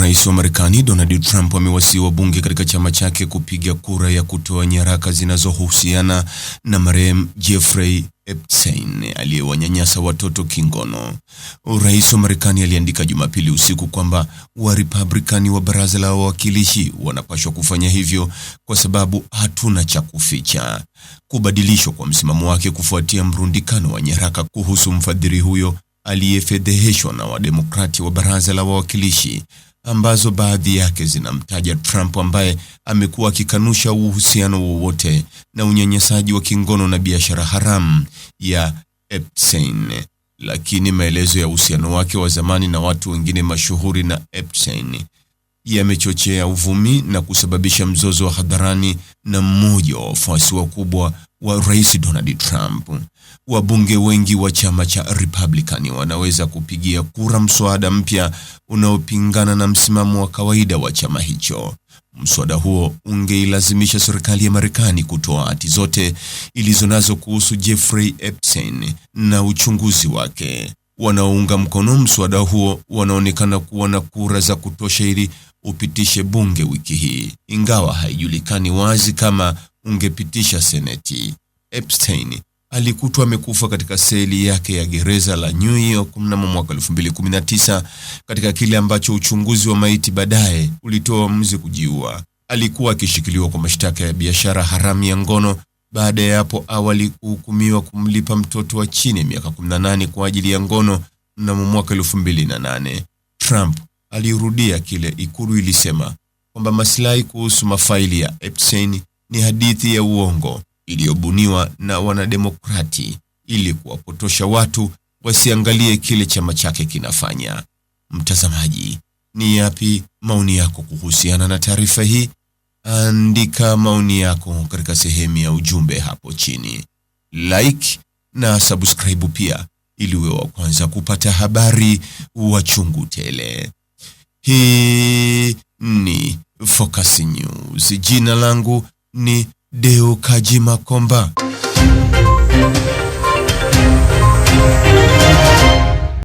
Rais wa Marekani Donald Trump amewasihi wabunge katika chama chake kupiga kura ya kutoa nyaraka zinazohusiana na marehemu Jeffrey Epstein aliyewanyanyasa watoto kingono. Rais wa Marekani aliandika Jumapili usiku kwamba Warepublikani wa baraza la wawakilishi wanapaswa kufanya hivyo kwa sababu hatuna cha kuficha. Kubadilishwa kwa msimamo wake kufuatia mrundikano wa nyaraka kuhusu mfadhili huyo aliyefedheheshwa na Wademokrati wa baraza la wawakilishi ambazo baadhi yake zinamtaja Trump ambaye amekuwa akikanusha uhusiano wowote na unyanyasaji wa kingono na biashara haramu ya Epstein. Lakini maelezo ya uhusiano wake wa zamani na watu wengine mashuhuri na Epstein yamechochea uvumi na kusababisha mzozo wa hadharani na mmoja wa wafuasi wakubwa wa Rais Donald Trump. Wabunge wengi wa chama cha Republican wanaweza kupigia kura mswada mpya unaopingana na msimamo wa kawaida wa chama hicho. Mswada huo ungeilazimisha serikali ya Marekani kutoa hati zote ilizonazo kuhusu Jeffrey Epstein na uchunguzi wake. Wanaounga mkono mswada huo wanaonekana kuwa na kura za kutosha ili upitishe bunge wiki hii, ingawa haijulikani wazi kama ungepitisha Seneti. Epstein alikutwa amekufa katika seli yake ya gereza la New York mnamo mwaka 2019 katika kile ambacho uchunguzi wa maiti baadaye ulitoa uamuzi kujiua. Alikuwa akishikiliwa kwa mashtaka ya biashara haramu ya ngono baada ya hapo awali kuhukumiwa kumlipa mtoto wa chini ya miaka 18 kwa ajili ya ngono mnamo mwaka 2008. Trump alirudia kile ikulu ilisema kwamba maslahi kuhusu mafaili ya Epstein ni hadithi ya uongo iliyobuniwa na wanademokrati ili kuwapotosha watu wasiangalie kile chama chake kinafanya. Mtazamaji, ni yapi maoni yako kuhusiana na taarifa hii? Andika maoni yako katika sehemu ya ujumbe hapo chini. Like na subscribe pia ili uwe wa kwanza kupata habari wa chungu tele. Hii ni Focus News. Jina langu ni Deo Kajima Komba.